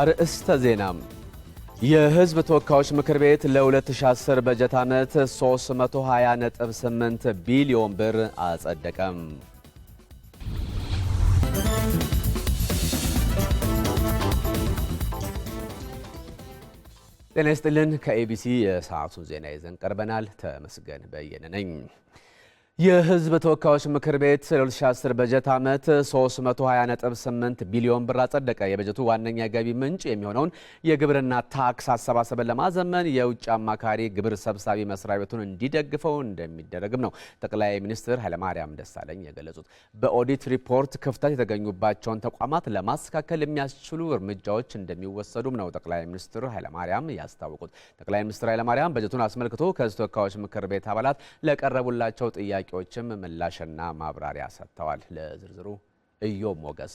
አርእስተ ዜና የህዝብ ተወካዮች ምክር ቤት ለ2010 በጀት ዓመት 328 ቢሊዮን ብር አጸደቀም። ጤና ይስጥልን። ከኤቢሲ የሰዓቱን ዜና ይዘን ቀርበናል። ተመስገን በየነ ነኝ። የህዝብ ተወካዮች ምክር ቤት ለ2010 በጀት ዓመት 328 ቢሊዮን ብር አጸደቀ። የበጀቱ ዋነኛ ገቢ ምንጭ የሚሆነውን የግብርና ታክስ አሰባሰብን ለማዘመን የውጭ አማካሪ ግብር ሰብሳቢ መስሪያ ቤቱን እንዲደግፈው እንደሚደረግም ነው ጠቅላይ ሚኒስትር ኃይለማርያም ደሳለኝ የገለጹት። በኦዲት ሪፖርት ክፍተት የተገኙባቸውን ተቋማት ለማስተካከል የሚያስችሉ እርምጃዎች እንደሚወሰዱም ነው ጠቅላይ ሚኒስትር ኃይለማርያም ያስታወቁት። ጠቅላይ ሚኒስትር ኃይለማርያም በጀቱን አስመልክቶ ከህዝብ ተወካዮች ምክር ቤት አባላት ለቀረቡላቸው ጥያቄ ጥያቄዎችም ምላሽና ማብራሪያ ሰጥተዋል። ለዝርዝሩ እዮም ሞገስ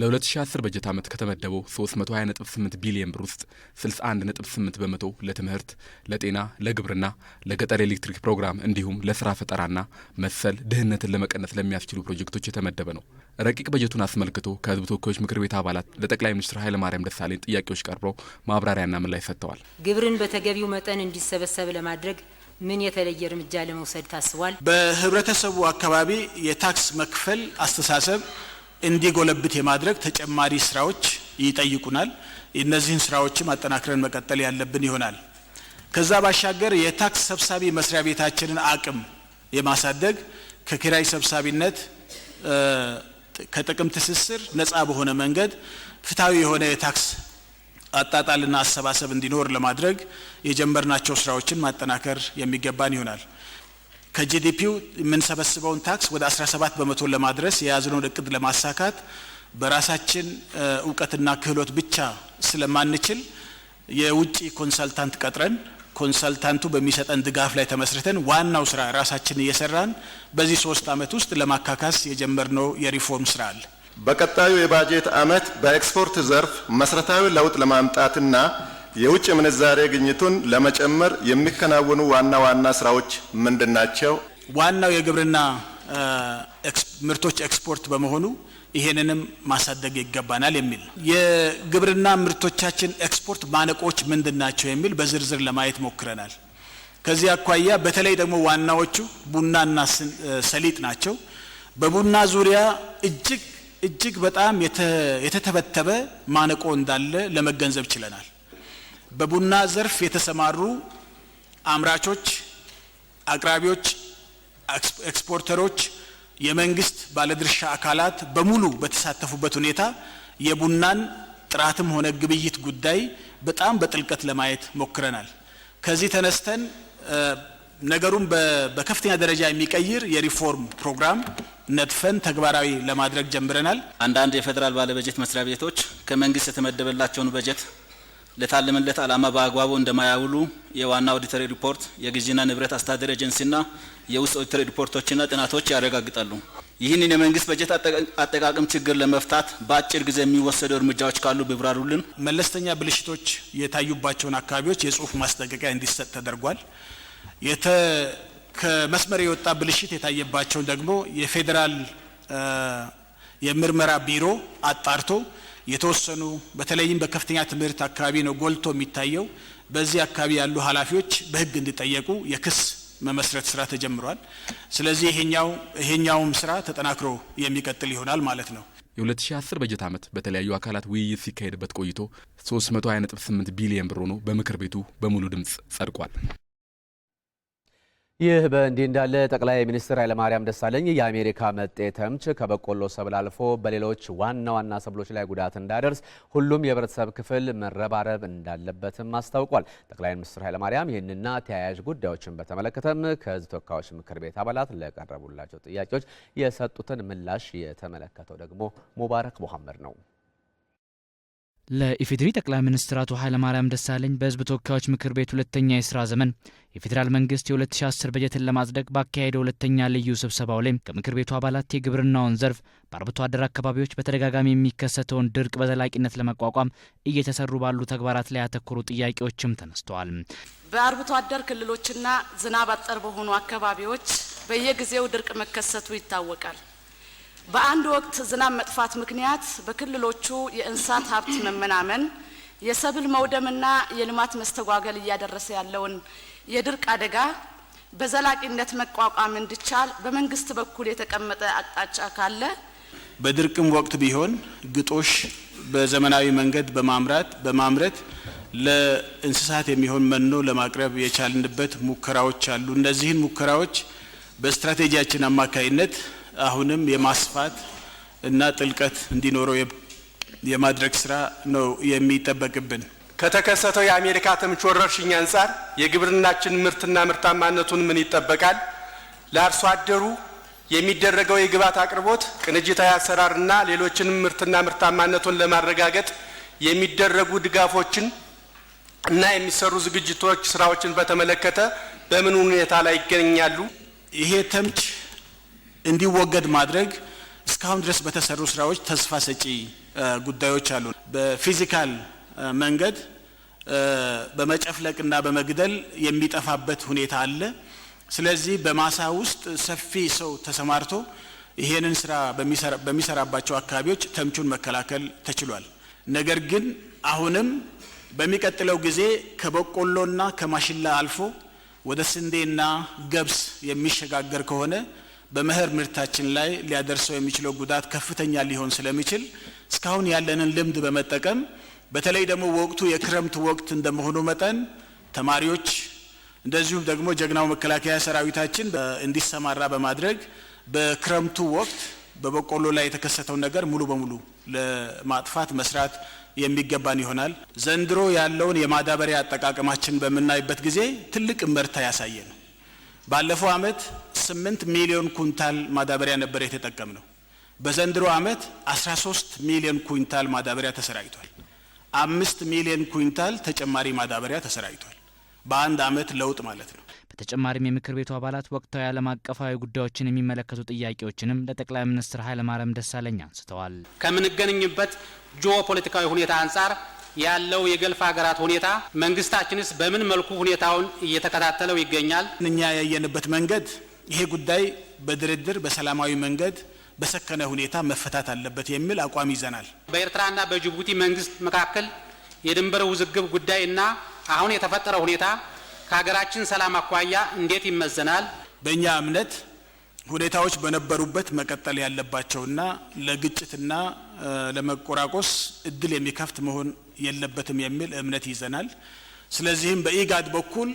ለ2010 በጀት ዓመት ከተመደበው 328 ቢሊዮን ብር ውስጥ 61.8 በመቶ ለትምህርት፣ ለጤና፣ ለግብርና፣ ለገጠር ኤሌክትሪክ ፕሮግራም እንዲሁም ለስራ ፈጠራና መሰል ድህነትን ለመቀነስ ለሚያስችሉ ፕሮጀክቶች የተመደበ ነው። ረቂቅ በጀቱን አስመልክቶ ከህዝብ ተወካዮች ምክር ቤት አባላት ለጠቅላይ ሚኒስትር ኃይለማርያም ደሳለኝ ጥያቄዎች ቀርበው ማብራሪያና ምላሽ ሰጥተዋል። ግብርን በተገቢው መጠን እንዲሰበሰብ ለማድረግ ምን የተለየ እርምጃ ለመውሰድ ታስቧል? በህብረተሰቡ አካባቢ የታክስ መክፈል አስተሳሰብ እንዲጎለብት የማድረግ ተጨማሪ ስራዎች ይጠይቁናል። እነዚህን ስራዎችም አጠናክረን መቀጠል ያለብን ይሆናል። ከዛ ባሻገር የታክስ ሰብሳቢ መስሪያ ቤታችንን አቅም የማሳደግ ከኪራይ ሰብሳቢነት ከጥቅም ትስስር ነፃ በሆነ መንገድ ፍትሐዊ የሆነ የታክስ አጣጣልና አሰባሰብ እንዲኖር ለማድረግ የጀመርናቸው ስራዎችን ማጠናከር የሚገባን ይሆናል። ከጂዲፒው የምንሰበስበውን ታክስ ወደ 17 በመቶ ለማድረስ የያዝነውን እቅድ ለማሳካት በራሳችን እውቀትና ክህሎት ብቻ ስለማንችል የውጭ ኮንሰልታንት ቀጥረን ኮንሰልታንቱ በሚሰጠን ድጋፍ ላይ ተመስርተን ዋናው ስራ ራሳችን እየሰራን በዚህ ሶስት አመት ውስጥ ለማካካስ የጀመርነው የሪፎርም ስራ አለ። በቀጣዩ የባጀት ዓመት በኤክስፖርት ዘርፍ መሰረታዊ ለውጥ ለማምጣትና የውጭ ምንዛሬ ግኝቱን ለመጨመር የሚከናወኑ ዋና ዋና ስራዎች ምንድን ናቸው? ዋናው የግብርና ምርቶች ኤክስፖርት በመሆኑ ይሄንንም ማሳደግ ይገባናል የሚል የግብርና ምርቶቻችን ኤክስፖርት ማነቆች ምንድን ናቸው የሚል በዝርዝር ለማየት ሞክረናል። ከዚህ አኳያ በተለይ ደግሞ ዋናዎቹ ቡናና ሰሊጥ ናቸው። በቡና ዙሪያ እጅግ እጅግ በጣም የተተበተበ ማነቆ እንዳለ ለመገንዘብ ችለናል። በቡና ዘርፍ የተሰማሩ አምራቾች፣ አቅራቢዎች፣ ኤክስፖርተሮች፣ የመንግስት ባለድርሻ አካላት በሙሉ በተሳተፉበት ሁኔታ የቡናን ጥራትም ሆነ ግብይት ጉዳይ በጣም በጥልቀት ለማየት ሞክረናል። ከዚህ ተነስተን ነገሩን በከፍተኛ ደረጃ የሚቀይር የሪፎርም ፕሮግራም ነጥፈን ተግባራዊ ለማድረግ ጀምረናል። አንዳንድ የፌዴራል ባለበጀት መስሪያ ቤቶች ከመንግስት የተመደበላቸውን በጀት ለታለመለት ዓላማ በአግባቡ እንደማያውሉ የዋና ኦዲተር ሪፖርት፣ የግዢና ንብረት አስተዳደር ኤጀንሲና የውስጥ ኦዲተር ሪፖርቶችና ጥናቶች ያረጋግጣሉ። ይህንን የመንግስት በጀት አጠቃቀም ችግር ለመፍታት በአጭር ጊዜ የሚወሰዱ እርምጃዎች ካሉ ቢብራሩልን። መለስተኛ ብልሽቶች የታዩባቸውን አካባቢዎች የጽሁፍ ማስጠንቀቂያ እንዲሰጥ ተደርጓል። ከመስመር የወጣ ብልሽት የታየባቸውን ደግሞ የፌዴራል የምርመራ ቢሮ አጣርቶ የተወሰኑ በተለይም በከፍተኛ ትምህርት አካባቢ ነው ጎልቶ የሚታየው። በዚህ አካባቢ ያሉ ኃላፊዎች በሕግ እንዲጠየቁ የክስ መመስረት ስራ ተጀምሯል። ስለዚህ ይሄኛው ይሄኛውም ስራ ተጠናክሮ የሚቀጥል ይሆናል ማለት ነው። የ2010 በጀት ዓመት በተለያዩ አካላት ውይይት ሲካሄድበት ቆይቶ 328 ቢሊየን ብር ሆኖ በምክር ቤቱ በሙሉ ድምፅ ጸድቋል። ይህ በእንዲህ እንዳለ ጠቅላይ ሚኒስትር ኃይለማርያም ደሳለኝ የአሜሪካ መጤ ተምች ከበቆሎ ሰብል አልፎ በሌሎች ዋና ዋና ሰብሎች ላይ ጉዳት እንዳደርስ ሁሉም የህብረተሰብ ክፍል መረባረብ እንዳለበትም አስታውቋል። ጠቅላይ ሚኒስትር ኃይለማርያም ይህንና ተያያዥ ጉዳዮችን በተመለከተም ከህዝብ ተወካዮች ምክር ቤት አባላት ለቀረቡላቸው ጥያቄዎች የሰጡትን ምላሽ የተመለከተው ደግሞ ሙባረክ መሐመድ ነው። ለኢፌዴሪ ጠቅላይ ሚኒስትር አቶ ኃይለማርያም ደሳለኝ በህዝብ ተወካዮች ምክር ቤት ሁለተኛ የስራ ዘመን የፌዴራል መንግስት የ2010 በጀትን ለማጽደቅ ባካሄደ ሁለተኛ ልዩ ስብሰባው ላይ ከምክር ቤቱ አባላት የግብርናውን ዘርፍ በአርብቶ አደር አካባቢዎች በተደጋጋሚ የሚከሰተውን ድርቅ በዘላቂነት ለመቋቋም እየተሰሩ ባሉ ተግባራት ላይ ያተኮሩ ጥያቄዎችም ተነስተዋል። በአርብቶ አደር ክልሎችና ዝናብ አጠር በሆኑ አካባቢዎች በየጊዜው ድርቅ መከሰቱ ይታወቃል። በአንድ ወቅት ዝናብ መጥፋት ምክንያት በክልሎቹ የእንስሳት ሀብት መመናመን፣ የሰብል መውደምና የልማት መስተጓገል እያደረሰ ያለውን የድርቅ አደጋ በዘላቂነት መቋቋም እንዲቻል በመንግስት በኩል የተቀመጠ አቅጣጫ ካለ በድርቅም ወቅት ቢሆን ግጦሽ በዘመናዊ መንገድ በማምራት በማምረት ለእንስሳት የሚሆን መኖ ለማቅረብ የቻልንበት ሙከራዎች አሉ። እነዚህን ሙከራዎች በስትራቴጂያችን አማካይነት አሁንም የማስፋት እና ጥልቀት እንዲኖረው የማድረግ ስራ ነው የሚጠበቅብን። ከተከሰተው የአሜሪካ ተምች ወረርሽኝ አንጻር የግብርናችን ምርትና ምርታማነቱን ምን ይጠበቃል? ለአርሶ አደሩ የሚደረገው የግብዓት አቅርቦት ቅንጅታዊ አሰራርና ሌሎችንም ምርትና ምርታማነቱን ለማረጋገጥ የሚደረጉ ድጋፎችን እና የሚሰሩ ዝግጅቶች ስራዎችን በተመለከተ በምን ሁኔታ ላይ ይገኛሉ? ይሄ ተምች እንዲወገድ ማድረግ እስካሁን ድረስ በተሰሩ ስራዎች ተስፋ ሰጪ ጉዳዮች አሉ። በፊዚካል መንገድ በመጨፍለቅና በመግደል የሚጠፋበት ሁኔታ አለ። ስለዚህ በማሳ ውስጥ ሰፊ ሰው ተሰማርቶ ይሄንን ስራ በሚሰራባቸው አካባቢዎች ተምቹን መከላከል ተችሏል። ነገር ግን አሁንም በሚቀጥለው ጊዜ ከበቆሎና ከማሽላ አልፎ ወደ ስንዴና ገብስ የሚሸጋገር ከሆነ በመኸር ምርታችን ላይ ሊያደርሰው የሚችለው ጉዳት ከፍተኛ ሊሆን ስለሚችል እስካሁን ያለንን ልምድ በመጠቀም በተለይ ደግሞ ወቅቱ የክረምት ወቅት እንደመሆኑ መጠን ተማሪዎች እንደዚሁም ደግሞ ጀግናው መከላከያ ሰራዊታችን እንዲሰማራ በማድረግ በክረምቱ ወቅት በበቆሎ ላይ የተከሰተውን ነገር ሙሉ በሙሉ ለማጥፋት መስራት የሚገባን ይሆናል። ዘንድሮ ያለውን የማዳበሪያ አጠቃቀማችን በምናይበት ጊዜ ትልቅ እመርታ ያሳየ ነው። ባለፈው አመት ስምንት ሚሊዮን ኩንታል ማዳበሪያ ነበር የተጠቀም ነው። በዘንድሮ አመት ሶስት ሚሊዮን ኩንታል ማዳበሪያ ተሰራጭቷል። አምስት ሚሊዮን ኩንታል ተጨማሪ ማዳበሪያ ተሰራጭቷል። በአንድ አመት ለውጥ ማለት ነው። በተጨማሪም የምክር ቤቱ አባላት ወቅታዊ ዓለም አቀፋዊ ጉዳዮችን የሚመለከቱ ጥያቄዎችንም ለጠቅላይ ሚኒስትር ኃይለማርያም ደሳለኝ አንስተዋል። ከምንገኝበት ጂኦፖለቲካዊ ሁኔታ አንጻር ያለው የገልፍ ሀገራት ሁኔታ መንግስታችንስ በምን መልኩ ሁኔታውን እየተከታተለው ይገኛል? እኛ ያየንበት መንገድ ይሄ ጉዳይ በድርድር በሰላማዊ መንገድ በሰከነ ሁኔታ መፈታት አለበት የሚል አቋም ይዘናል። በኤርትራና በጅቡቲ መንግስት መካከል የድንበር ውዝግብ ጉዳይ እና አሁን የተፈጠረው ሁኔታ ከሀገራችን ሰላም አኳያ እንዴት ይመዘናል? በእኛ እምነት ሁኔታዎች በነበሩበት መቀጠል ያለባቸውና ለግጭትና ለመቆራቆስ እድል የሚከፍት መሆን የለበትም የሚል እምነት ይዘናል። ስለዚህም በኢጋድ በኩል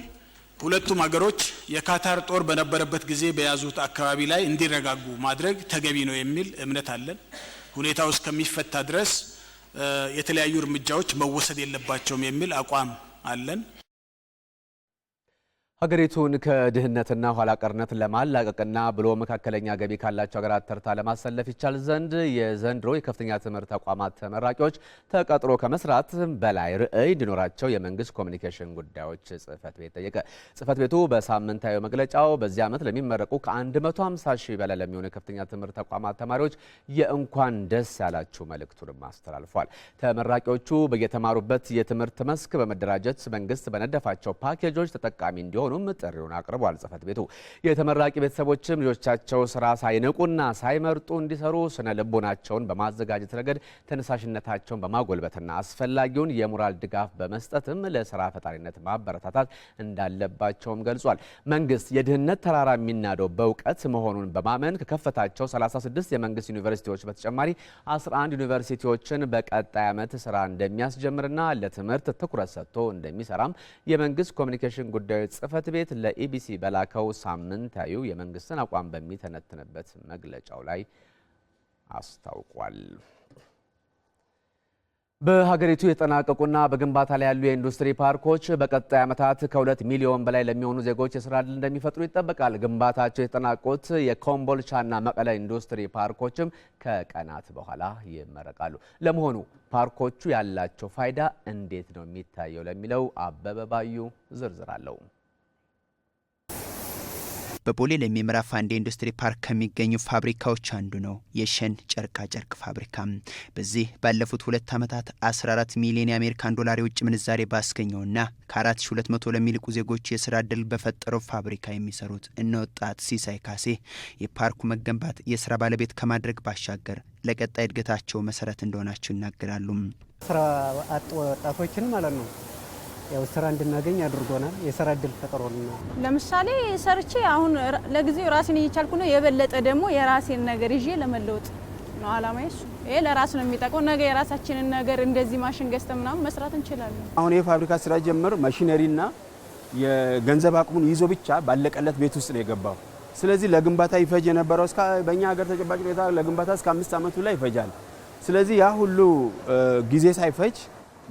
ሁለቱም ሀገሮች የካታር ጦር በነበረበት ጊዜ በያዙት አካባቢ ላይ እንዲረጋጉ ማድረግ ተገቢ ነው የሚል እምነት አለን። ሁኔታው እስከሚፈታ ድረስ የተለያዩ እርምጃዎች መወሰድ የለባቸውም የሚል አቋም አለን። ሀገሪቱን ከድህነትና ኋላ ቀርነት ለማላቀቅና ብሎ መካከለኛ ገቢ ካላቸው ሀገራት ተርታ ለማሰለፍ ይቻል ዘንድ የዘንድሮ የከፍተኛ ትምህርት ተቋማት ተመራቂዎች ተቀጥሮ ከመስራት በላይ ርዕይ እንዲኖራቸው የመንግስት ኮሚኒኬሽን ጉዳዮች ጽህፈት ቤት ጠየቀ። ጽህፈት ቤቱ በሳምንታዊ መግለጫው በዚህ ዓመት ለሚመረቁ ከ150 ሺህ በላይ ለሚሆኑ የከፍተኛ ትምህርት ተቋማት ተማሪዎች የእንኳን ደስ ያላችሁ መልእክቱንም አስተላልፏል። ተመራቂዎቹ በየተማሩበት የትምህርት መስክ በመደራጀት መንግስት በነደፋቸው ፓኬጆች ተጠቃሚ እንዲሆ እንዲሆኑም ጥሪውን አቅርቧል። ጽህፈት ቤቱ የተመራቂ ቤተሰቦችም ልጆቻቸው ስራ ሳይንቁና ሳይመርጡ እንዲሰሩ ስነ ልቦናቸውን በማዘጋጀት ረገድ ተነሳሽነታቸውን በማጎልበትና አስፈላጊውን የሞራል ድጋፍ በመስጠትም ለስራ ፈጣሪነት ማበረታታት እንዳለባቸውም ገልጿል። መንግስት የድህነት ተራራ የሚናደው በእውቀት መሆኑን በማመን ከከፈታቸው 36 የመንግስት ዩኒቨርሲቲዎች በተጨማሪ 11 ዩኒቨርሲቲዎችን በቀጣይ ዓመት ስራ እንደሚያስጀምርና ለትምህርት ትኩረት ሰጥቶ እንደሚሰራም የመንግስት ኮሚኒኬሽን ጉዳዮች ጽሕፈት ጽህፈት ቤት ለኢቢሲ በላከው ሳምንታዊው የመንግስትን አቋም በሚተነትንበት መግለጫው ላይ አስታውቋል። በሀገሪቱ የተጠናቀቁና በግንባታ ላይ ያሉ የኢንዱስትሪ ፓርኮች በቀጣይ ዓመታት ከሁለት ሚሊዮን በላይ ለሚሆኑ ዜጎች የስራ ድል እንደሚፈጥሩ ይጠበቃል። ግንባታቸው የተጠናቁት የኮምቦልቻና መቀለ ኢንዱስትሪ ፓርኮችም ከቀናት በኋላ ይመረቃሉ። ለመሆኑ ፓርኮቹ ያላቸው ፋይዳ እንዴት ነው የሚታየው? ለሚለው አበበ ባዩ ዝርዝር አለው። በቦሌ ለሚምራፍ አንድ ኢንዱስትሪ ፓርክ ከሚገኙ ፋብሪካዎች አንዱ ነው የሸን ጨርቃ ጨርቅ ፋብሪካ። በዚህ ባለፉት ሁለት ዓመታት 14 ሚሊዮን የአሜሪካን ዶላር የውጭ ምንዛሬ ባስገኘውና ከ4200 ለሚልቁ ዜጎች የስራ እድል በፈጠረው ፋብሪካ የሚሰሩት እነ ወጣት ሲሳይ ካሴ የፓርኩ መገንባት የስራ ባለቤት ከማድረግ ባሻገር ለቀጣይ እድገታቸው መሰረት እንደሆናቸው ይናገራሉ። ስራ አጥ ወጣቶችን ማለት ነው ያው ስራ እንድናገኝ አድርጎናል። የስራ እድል ፈጥሮልናል። ለምሳሌ ሰርቼ አሁን ለጊዜው ራሴን እየቻልኩ ነው። የበለጠ ደግሞ የራሴን ነገር ይዤ ለመለወጥ ነው አላማዬ። እሱ ይሄ ለራስ ነው የሚጠቅመው። ነገ የራሳችንን ነገር እንደዚህ ማሽን ገዝተ ምናምን መስራት እንችላለን። አሁን ይህ ፋብሪካ ስራ ጀምር ማሽነሪና የገንዘብ አቅሙን ይዞ ብቻ ባለቀለት ቤት ውስጥ ነው የገባው። ስለዚህ ለግንባታ ይፈጅ የነበረው በእኛ ሀገር ተጨባጭ ሁኔታ ለግንባታ እስከ አምስት ዓመቱ ላይ ይፈጃል። ስለዚህ ያ ሁሉ ጊዜ ሳይፈጅ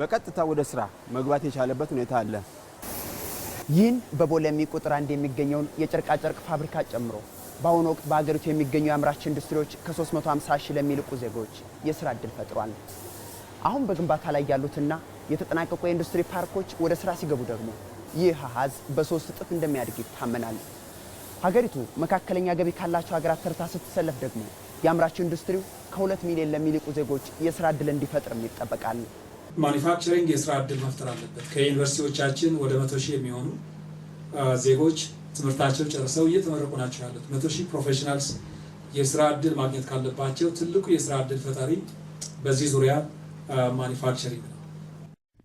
በቀጥታ ወደ ስራ መግባት የቻለበት ሁኔታ አለ። ይህን በቦለሚ ቁጥር አንድ የሚገኘውን የጨርቃጨርቅ ፋብሪካ ጨምሮ በአሁኑ ወቅት በሀገሪቱ የሚገኙ የአምራች ኢንዱስትሪዎች ከ350 ሺህ ለሚልቁ ዜጎች የስራ እድል ፈጥሯል። አሁን በግንባታ ላይ ያሉትና የተጠናቀቁ የኢንዱስትሪ ፓርኮች ወደ ስራ ሲገቡ ደግሞ ይህ አሃዝ በሶስት እጥፍ እንደሚያድግ ይታመናል። ሀገሪቱ መካከለኛ ገቢ ካላቸው ሀገራት ተርታ ስትሰለፍ ደግሞ የአምራች ኢንዱስትሪው ከሁለት ሚሊዮን ለሚልቁ ዜጎች የስራ ድል እንዲፈጥርም ይጠበቃል። ማኒፋክቸሪንግ የስራ እድል መፍጠር አለበት። ከዩኒቨርሲቲዎቻችን ወደ መቶ ሺህ የሚሆኑ ዜጎች ትምህርታቸው ጨርሰው እየተመረቁ ናቸው ያሉት። መቶ ሺህ ፕሮፌሽናልስ የስራ እድል ማግኘት ካለባቸው ትልቁ የስራ እድል ፈጣሪ በዚህ ዙሪያ ማኒፋክቸሪንግ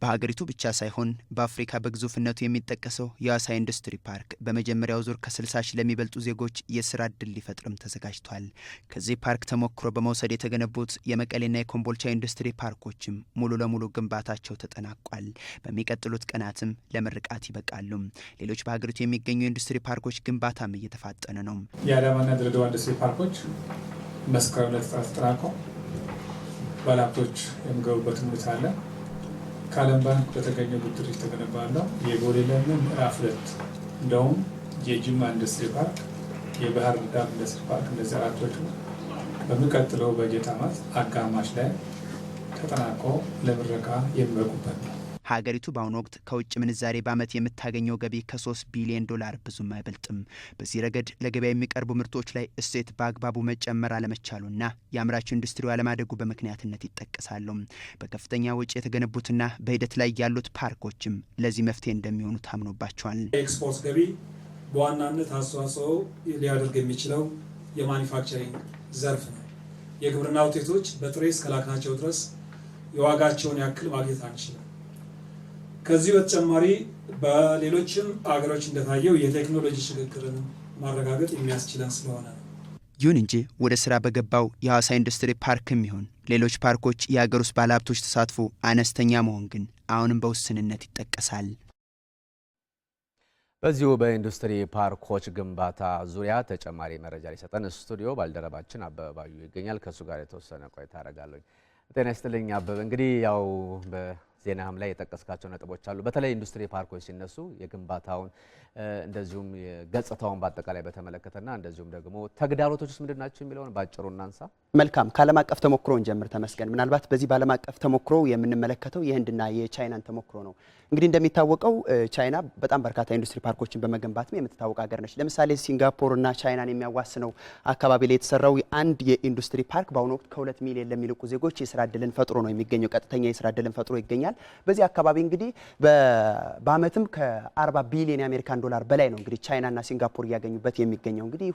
በሀገሪቱ ብቻ ሳይሆን በአፍሪካ በግዙፍነቱ የሚጠቀሰው የአሳ ኢንዱስትሪ ፓርክ በመጀመሪያው ዙር ከ60 ሺህ ለሚበልጡ ዜጎች የስራ እድል ሊፈጥርም ተዘጋጅቷል። ከዚህ ፓርክ ተሞክሮ በመውሰድ የተገነቡት የመቀሌና የኮምቦልቻ ኢንዱስትሪ ፓርኮችም ሙሉ ለሙሉ ግንባታቸው ተጠናቋል። በሚቀጥሉት ቀናትም ለምርቃት ይበቃሉ። ሌሎች በሀገሪቱ የሚገኙ የኢንዱስትሪ ፓርኮች ግንባታም እየተፋጠነ ነው። የአዳማና ድሬዳዋ ኢንዱስትሪ ፓርኮች መስከረም ላይ ባለሀብቶች የሚገቡበትን ሁኔታ አለ። ከዓለም ባንክ በተገኘ ብድር የተገነባ ነው። የቦሌ ለምለም ምዕራፍ ሁለት እንደውም የጅማ ኢንዱስትሪ ፓርክ፣ የባህር ዳር ኢንዱስትሪ ፓርክ እንደዚህ አራቶቹ በሚቀጥለው በጀት ዓመት አጋማሽ ላይ ተጠናቆ ለምረቃ የሚበቁበት ነው። ሀገሪቱ በአሁኑ ወቅት ከውጭ ምንዛሬ በዓመት የምታገኘው ገቢ ከሶስት ቢሊዮን ዶላር ብዙም አይበልጥም። በዚህ ረገድ ለገበያ የሚቀርቡ ምርቶች ላይ እሴት በአግባቡ መጨመር አለመቻሉና የአምራቹ ኢንዱስትሪ አለማደጉ በምክንያትነት ይጠቀሳሉ። በከፍተኛ ወጪ የተገነቡትና በሂደት ላይ ያሉት ፓርኮችም ለዚህ መፍትሄ እንደሚሆኑ ታምኖባቸዋል። ኤክስፖርት ገቢ በዋናነት አስተዋጽኦ ሊያደርግ የሚችለው የማኒፋክቸሪንግ ዘርፍ ነው። የግብርና ውጤቶች በጥሬ እስከላክናቸው ድረስ የዋጋቸውን ያክል ማግኘት አንችልም። ከዚህ በተጨማሪ በሌሎችም አገሮች እንደታየው የቴክኖሎጂ ሽግግርን ማረጋገጥ የሚያስችለን ስለሆነ ይሁን እንጂ ወደ ስራ በገባው የሐዋሳ ኢንዱስትሪ ፓርክም ይሁን ሌሎች ፓርኮች የአገር ውስጥ ባለሀብቶች ተሳትፎ አነስተኛ መሆን ግን አሁንም በውስንነት ይጠቀሳል። በዚሁ በኢንዱስትሪ ፓርኮች ግንባታ ዙሪያ ተጨማሪ መረጃ ሊሰጠን ስቱዲዮ ባልደረባችን አበባዩ ይገኛል። ከእሱ ጋር የተወሰነ ቆይታ አደርጋለሁ። ጤና ይስጥልኝ አበበ። እንግዲህ ያው ዜናህም ላይ የጠቀስካቸው ነጥቦች አሉ። በተለይ ኢንዱስትሪ ፓርኮች ሲነሱ የግንባታውን እንደዚሁም ገጽታውን በአጠቃላይ በተመለከተና እንደዚሁም ደግሞ ተግዳሮቶች ውስጥ ምንድን ናቸው የሚለውን በአጭሩ እናንሳ። መልካም። ከዓለም አቀፍ ተሞክሮ እንጀምር ተመስገን። ምናልባት በዚህ በዓለም አቀፍ ተሞክሮ የምንመለከተው የህንድና የቻይናን ተሞክሮ ነው። እንግዲህ እንደሚታወቀው ቻይና በጣም በርካታ ኢንዱስትሪ ፓርኮችን በመገንባትም የምትታወቅ ሀገር ነች። ለምሳሌ ሲንጋፖርና ቻይናን የሚያዋስነው አካባቢ ላይ የተሰራው አንድ የኢንዱስትሪ ፓርክ በአሁኑ ወቅት ከሁለት ሚሊዮን ለሚልቁ ዜጎች የስራ እድልን ፈጥሮ ነው የሚገኘው። ቀጥተኛ የስራ እድልን ፈጥሮ ይገኛል። ይገኛል። በዚህ አካባቢ እንግዲህ በአመትም ከ40 ቢሊዮን የአሜሪካን ዶላር በላይ ነው እንግዲህ ቻይናና ሲንጋፖር እያገኙበት የሚገኘው እንግዲህ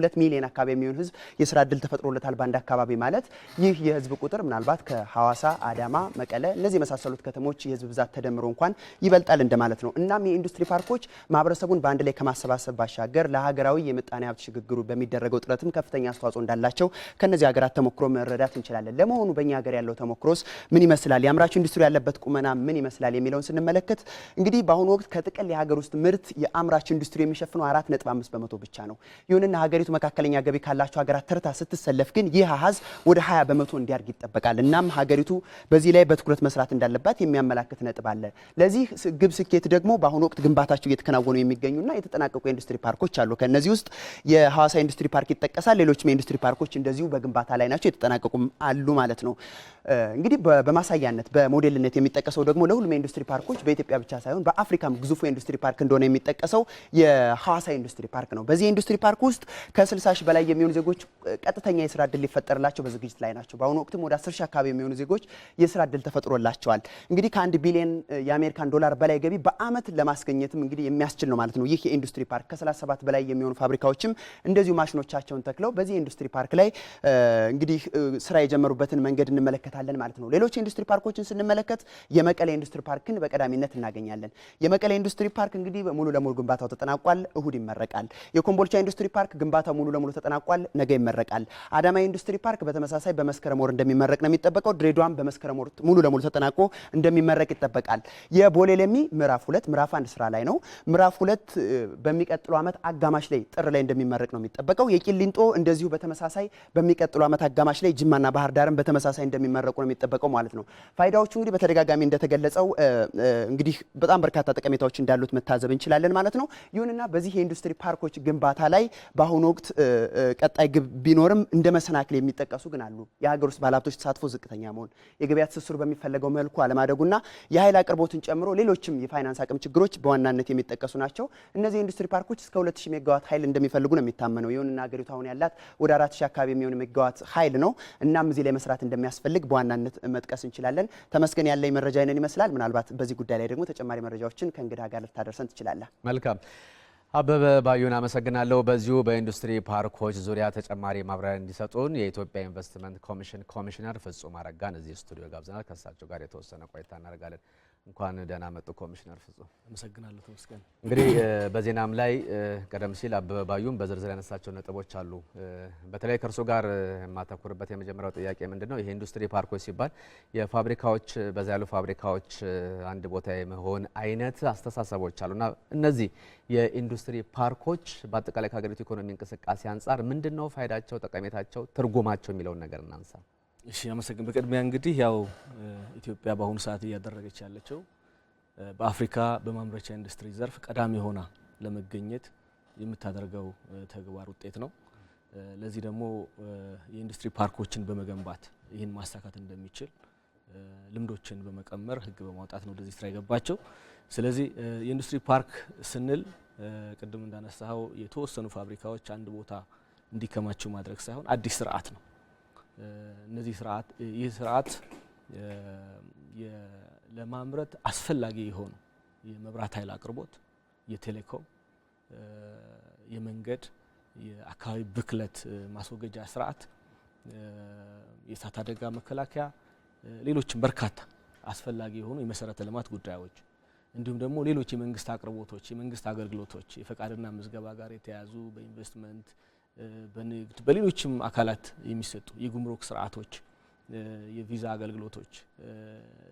ሁለት ሚሊዮን አካባቢ የሚሆን ህዝብ የስራ እድል ተፈጥሮለታል በአንድ አካባቢ ማለት። ይህ የህዝብ ቁጥር ምናልባት ከሐዋሳ፣ አዳማ፣ መቀለ እነዚህ የመሳሰሉት ከተሞች የህዝብ ብዛት ተደምሮ እንኳን ይበልጣል እንደማለት ነው። እናም የኢንዱስትሪ ፓርኮች ማህበረሰቡን በአንድ ላይ ከማሰባሰብ ባሻገር ለሀገራዊ የምጣኔ ሀብት ሽግግሩ በሚደረገው ጥረትም ከፍተኛ አስተዋጽኦ እንዳላቸው ከነዚህ ሀገራት ተሞክሮ መረዳት እንችላለን። ለመሆኑ በእኛ ሀገር ያለው ተሞክሮስ ምን ይመስላል? የአምራች ኢንዱስትሪ ያለበት ቁመና ምን ይመስላል የሚለውን ስንመለከት እንግዲህ በአሁኑ ወቅት ከጥቅል የሀገር ውስጥ ምርት የአምራች ኢንዱስትሪ የሚሸፍነው አራት ነጥብ አምስት በመቶ ብቻ ነው። ይሁንና ሀገሪቱ መካከለኛ ገቢ ካላቸው ሀገራት ተርታ ስትሰለፍ ግን ይህ አሀዝ ወደ ሀያ በመቶ እንዲያድግ ይጠበቃል። እናም ሀገሪቱ በዚህ ላይ በትኩረት መስራት እንዳለባት የሚያመላክት ነጥብ አለ። ለዚህ ግብ ስኬት ደግሞ በአሁኑ ወቅት ግንባታቸው እየተከናወኑ የሚገኙና የተጠናቀቁ የኢንዱስትሪ ፓርኮች አሉ። ከእነዚህ ውስጥ የሐዋሳ ኢንዱስትሪ ፓርክ ይጠቀሳል። ሌሎችም የኢንዱስትሪ ፓርኮች እንደዚሁ በግንባታ ላይ ናቸው፣ የተጠናቀቁም አሉ ማለት ነው። እንግዲህ በማሳያነት ሞዴልነት የሚጠቀሰው ደግሞ ለሁሉም የኢንዱስትሪ ፓርኮች በኢትዮጵያ ብቻ ሳይሆን በአፍሪካም ግዙፉ የኢንዱስትሪ ፓርክ እንደሆነ የሚጠቀሰው የሐዋሳ ኢንዱስትሪ ፓርክ ነው። በዚህ ኢንዱስትሪ ፓርክ ውስጥ ከ60 ሺህ በላይ የሚሆኑ ዜጎች ቀጥተኛ የስራ እድል ሊፈጠርላቸው በዝግጅት ላይ ናቸው። በአሁኑ ወቅትም ወደ 10 ሺህ አካባቢ የሚሆኑ ዜጎች የስራ እድል ተፈጥሮላቸዋል። እንግዲህ ከአንድ ቢሊዮን የአሜሪካን ዶላር በላይ ገቢ በአመት ለማስገኘትም እንግዲህ የሚያስችል ነው ማለት ነው። ይህ የኢንዱስትሪ ፓርክ ከ37 በላይ የሚሆኑ ፋብሪካዎችም እንደዚሁ ማሽኖቻቸውን ተክለው በዚህ ኢንዱስትሪ ፓርክ ላይ እንግዲህ ስራ የጀመሩበትን መንገድ እንመለከታለን ማለት ነው። ሌሎች ኢንዱስትሪ ፓርኮችን ስንመ ስንመለከት የመቀሌ ኢንዱስትሪ ፓርክን በቀዳሚነት እናገኛለን። የመቀሌ ኢንዱስትሪ ፓርክ እንግዲህ ሙሉ ለሙሉ ግንባታው ተጠናቋል፣ እሁድ ይመረቃል። የኮምቦልቻ ኢንዱስትሪ ፓርክ ግንባታው ሙሉ ለሙሉ ተጠናቋል፣ ነገ ይመረቃል። አዳማ ኢንዱስትሪ ፓርክ በተመሳሳይ በመስከረም ወር እንደሚመረቅ ነው የሚጠበቀው። ድሬዳዋም በመስከረም ወር ሙሉ ለሙሉ ተጠናቆ እንደሚመረቅ ይጠበቃል። የቦሌ ለሚ ምዕራፍ ሁለት ምዕራፍ አንድ ስራ ላይ ነው። ምዕራፍ ሁለት በሚቀጥለው ዓመት አጋማሽ ላይ ጥር ላይ እንደሚመረቅ ነው የሚጠበቀው። የቂሊንጦ እንደዚሁ በተመሳሳይ በሚቀጥለው ዓመት አጋማሽ ላይ ጅማና ባህር ዳርም በተመሳሳይ እንደሚመረቁ ነው የሚጠበቀው ማለት ነው ፋይዳዎቹ እንግዲህ በተደጋጋሚ እንደተገለጸው እንግዲህ በጣም በርካታ ጠቀሜታዎች እንዳሉት መታዘብ እንችላለን ማለት ነው። ይሁንና በዚህ የኢንዱስትሪ ፓርኮች ግንባታ ላይ በአሁኑ ወቅት ቀጣይ ግብ ቢኖርም እንደ መሰናክል የሚጠቀሱ ግን አሉ። የሀገር ውስጥ ባለሀብቶች ተሳትፎ ዝቅተኛ መሆን፣ የገበያ ትስስሩ በሚፈለገው መልኩ አለማደጉና የኃይል አቅርቦትን ጨምሮ ሌሎችም የፋይናንስ አቅም ችግሮች በዋናነት የሚጠቀሱ ናቸው። እነዚህ የኢንዱስትሪ ፓርኮች እስከ 2000 ሜጋዋት ኃይል እንደሚፈልጉ ነው የሚታመነው። ይሁንና ሀገሪቱ አሁን ያላት ወደ 4000 አካባቢ የሚሆን ሜጋዋት ኃይል ነው። እናም እዚህ ላይ መስራት እንደሚያስፈልግ በዋናነት መጥቀስ እንችላለን። ተመስገን፣ ያለኝ መረጃ ይነን ይመስላል። ምናልባት በዚህ ጉዳይ ላይ ደግሞ ተጨማሪ መረጃዎችን ከእንግዳ ጋር ልታደርሰን ትችላለህ። መልካም አበበ ባዩን አመሰግናለሁ። በዚሁ በኢንዱስትሪ ፓርኮች ዙሪያ ተጨማሪ ማብራሪያ እንዲሰጡን የኢትዮጵያ ኢንቨስትመንት ኮሚሽን ኮሚሽነር ፍጹም አረጋን እዚህ ስቱዲዮ ጋብዘናል። ከእሳቸው ጋር የተወሰነ ቆይታ እናደርጋለን። እንኳን ደህና መጡ ኮሚሽነር ፍጹም። አመሰግናለሁ ተመስገን። እንግዲህ በዜናም ላይ ቀደም ሲል አበበ ባዩም በዝርዝር ያነሳቸው ነጥቦች አሉ። በተለይ ከእርሶ ጋር የማተኩርበት የመጀመሪያው ጥያቄ ምንድን ነው? ይሄ ኢንዱስትሪ ፓርኮች ሲባል የፋብሪካዎች በዛ ያሉ ፋብሪካዎች አንድ ቦታ የመሆን አይነት አስተሳሰቦች አሉና እነዚህ የኢንዱስትሪ ፓርኮች በአጠቃላይ ከሀገሪቱ ኢኮኖሚ እንቅስቃሴ አንጻር ምንድን ነው ፋይዳቸው፣ ጠቀሜታቸው፣ ትርጉማቸው የሚለውን ነገር እናንሳ። እሺ አመሰግን። በቅድሚያ እንግዲህ ያው ኢትዮጵያ በአሁኑ ሰዓት እያደረገች ያለችው በአፍሪካ በማምረቻ ኢንዱስትሪ ዘርፍ ቀዳሚ ሆና ለመገኘት የምታደርገው ተግባር ውጤት ነው። ለዚህ ደግሞ የኢንዱስትሪ ፓርኮችን በመገንባት ይህን ማሳካት እንደሚችል ልምዶችን በመቀመር ህግ በማውጣት ነው ወደዚህ ስራ የገባቸው። ስለዚህ የኢንዱስትሪ ፓርክ ስንል ቅድም እንዳነሳኸው የተወሰኑ ፋብሪካዎች አንድ ቦታ እንዲከማቸው ማድረግ ሳይሆን አዲስ ስርዓት ነው። እነዚህ ስርዓት ይህ ስርዓት ለማምረት አስፈላጊ የሆኑ የመብራት ኃይል አቅርቦት፣ የቴሌኮም፣ የመንገድ፣ የአካባቢ ብክለት ማስወገጃ ስርዓት፣ የእሳት አደጋ መከላከያ፣ ሌሎችም በርካታ አስፈላጊ የሆኑ የመሰረተ ልማት ጉዳዮች እንዲሁም ደግሞ ሌሎች የመንግስት አቅርቦቶች፣ የመንግስት አገልግሎቶች የፈቃድና ምዝገባ ጋር የተያያዙ በኢንቨስትመንት በንግድ በሌሎችም አካላት የሚሰጡ የጉምሩክ ስርዓቶች፣ የቪዛ አገልግሎቶች፣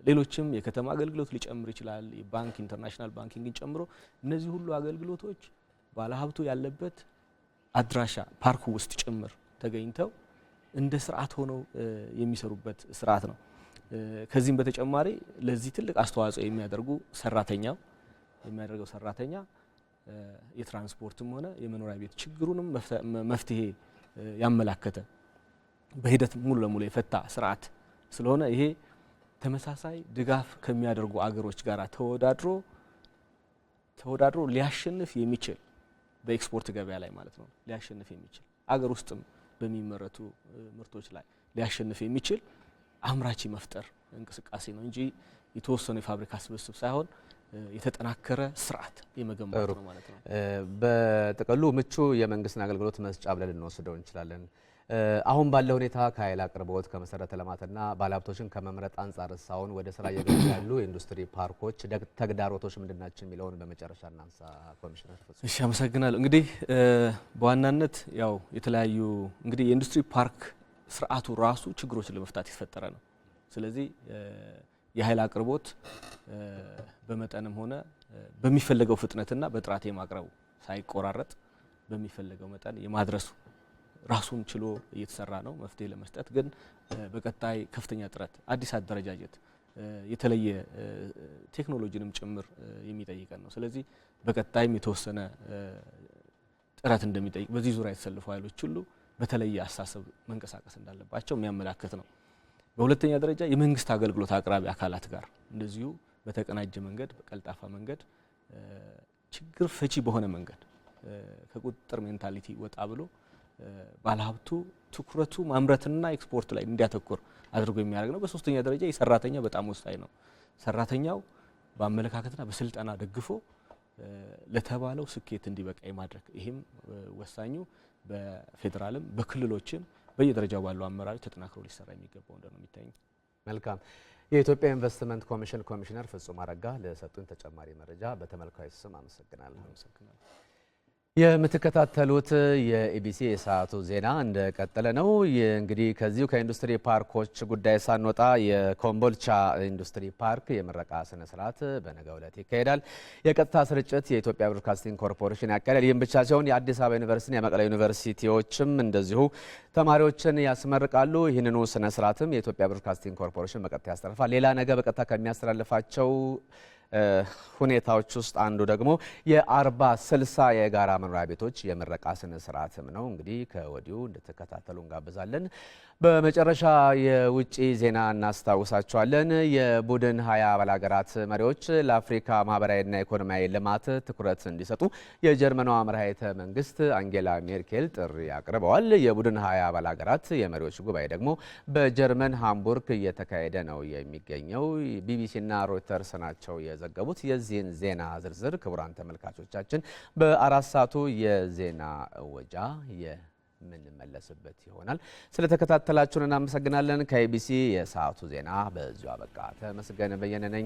ሌሎችም የከተማ አገልግሎት ሊጨምር ይችላል። የባንክ ኢንተርናሽናል ባንኪንግን ጨምሮ እነዚህ ሁሉ አገልግሎቶች ባለሀብቱ ያለበት አድራሻ ፓርኩ ውስጥ ጭምር ተገኝተው እንደ ስርዓት ሆነው የሚሰሩበት ስርዓት ነው። ከዚህም በተጨማሪ ለዚህ ትልቅ አስተዋጽኦ የሚያደርጉ ሰራተኛው የሚያደርገው ሰራተኛ የትራንስፖርትም ሆነ የመኖሪያ ቤት ችግሩንም መፍትሄ ያመላከተ በሂደት ሙሉ ለሙሉ የፈታ ስርዓት ስለሆነ ይሄ ተመሳሳይ ድጋፍ ከሚያደርጉ አገሮች ጋር ተወዳድሮ ተወዳድሮ ሊያሸንፍ የሚችል በኤክስፖርት ገበያ ላይ ማለት ነው ሊያሸንፍ የሚችል አገር ውስጥም በሚመረቱ ምርቶች ላይ ሊያሸንፍ የሚችል አምራች መፍጠር እንቅስቃሴ ነው እንጂ የተወሰኑ የፋብሪካ ስብስብ ሳይሆን የተጠናከረ ስርዓት የመገንባት ነው ማለት ነው። በጥቅሉ ምቹ የመንግስትን አገልግሎት መስጫ ብለን ልንወስደው እንችላለን። አሁን ባለ ሁኔታ ከኃይል አቅርቦት ከመሰረተ ልማትና ባለሀብቶችን ከመምረጥ አንጻር ሳሁን ወደ ስራ እየገቡ ያሉ የኢንዱስትሪ ፓርኮች ተግዳሮቶች ምንድናቸው የሚለውን በመጨረሻ እናንሳ። ኮሚሽነር ፍጹም። እሺ፣ አመሰግናለሁ። እንግዲህ በዋናነት ያው የተለያዩ እንግዲህ የኢንዱስትሪ ፓርክ ስርዓቱ ራሱ ችግሮችን ለመፍታት የተፈጠረ ነው። ስለዚህ የኃይል አቅርቦት በመጠንም ሆነ በሚፈለገው ፍጥነትና በጥራት የማቅረቡ ሳይቆራረጥ በሚፈለገው መጠን የማድረሱ ራሱን ችሎ እየተሰራ ነው። መፍትሄ ለመስጠት ግን በቀጣይ ከፍተኛ ጥረት፣ አዲስ አደረጃጀት፣ የተለየ ቴክኖሎጂንም ጭምር የሚጠይቀን ነው። ስለዚህ በቀጣይም የተወሰነ ጥረት እንደሚጠይቅ በዚህ ዙሪያ የተሰለፉ ኃይሎች ሁሉ በተለየ አስተሳሰብ መንቀሳቀስ እንዳለባቸው የሚያመላክት ነው። በሁለተኛ ደረጃ የመንግስት አገልግሎት አቅራቢ አካላት ጋር እንደዚሁ በተቀናጀ መንገድ በቀልጣፋ መንገድ ችግር ፈቺ በሆነ መንገድ ከቁጥጥር ሜንታሊቲ ወጣ ብሎ ባለሀብቱ ትኩረቱ ማምረትና ኤክስፖርት ላይ እንዲያተኩር አድርጎ የሚያደርግ ነው። በሶስተኛ ደረጃ የሰራተኛ በጣም ወሳኝ ነው። ሰራተኛው በአመለካከትና በስልጠና ደግፎ ለተባለው ስኬት እንዲበቃ የማድረግ ይህም ወሳኙ በፌዴራልም በክልሎችም በየደረጃው ባሉ አመራሮች ተጠናክሮ ሊሰራ የሚገባው እንደሆነ የሚታየኝ። መልካም። የኢትዮጵያ ኢንቨስትመንት ኮሚሽን ኮሚሽነር ፍጹም አረጋ ለሰጡን ተጨማሪ መረጃ በተመልካች ስም አመሰግናለሁ። የምትከታተሉት የኢቢሲ የሰዓቱ ዜና እንደቀጠለ ነው። እንግዲህ ከዚሁ ከኢንዱስትሪ ፓርኮች ጉዳይ ሳንወጣ የኮምቦልቻ ኢንዱስትሪ ፓርክ የምረቃ ስነ ስርዓት በነገው ዕለት ይካሄዳል። የቀጥታ ስርጭት የኢትዮጵያ ብሮድካስቲንግ ኮርፖሬሽን ያካሄዳል። ይህም ብቻ ሲሆን የአዲስ አበባ ዩኒቨርሲቲና የመቀለ ዩኒቨርሲቲዎችም እንደዚሁ ተማሪዎችን ያስመርቃሉ። ይህንኑ ስነ ስርዓትም የኢትዮጵያ ብሮድካስቲንግ ኮርፖሬሽን በቀጥታ ያስተላልፋል። ሌላ ነገ በቀጥታ ከሚያስተላልፋቸው ሁኔታዎች ውስጥ አንዱ ደግሞ የአርባ ስልሳ የጋራ መኖሪያ ቤቶች የምረቃ ስነ ስርዓትም ነው። እንግዲህ ከወዲሁ እንድትከታተሉ እንጋብዛለን። በመጨረሻ የውጭ ዜና እናስታውሳቸዋለን። የቡድን ሀያ አባል ሀገራት መሪዎች ለአፍሪካ ማህበራዊና ኢኮኖሚያዊ ልማት ትኩረት እንዲሰጡ የጀርመኗ መራሄተ መንግስት አንጌላ ሜርኬል ጥሪ አቅርበዋል። የቡድን ሀያ አባል ሀገራት የመሪዎች ጉባኤ ደግሞ በጀርመን ሃምቡርግ እየተካሄደ ነው የሚገኘው። ቢቢሲና ሮይተርስ ናቸው የዘገቡት። የዚህን ዜና ዝርዝር ክቡራን ተመልካቾቻችን በአራት ሰዓቱ የዜና ወጃ የምንመለስበት ይሆናል። ስለተከታተላችሁን እናመሰግናለን። ከኢቢሲ የሰዓቱ ዜና በዚሁ አበቃ። ተመስገን በየነ ነኝ።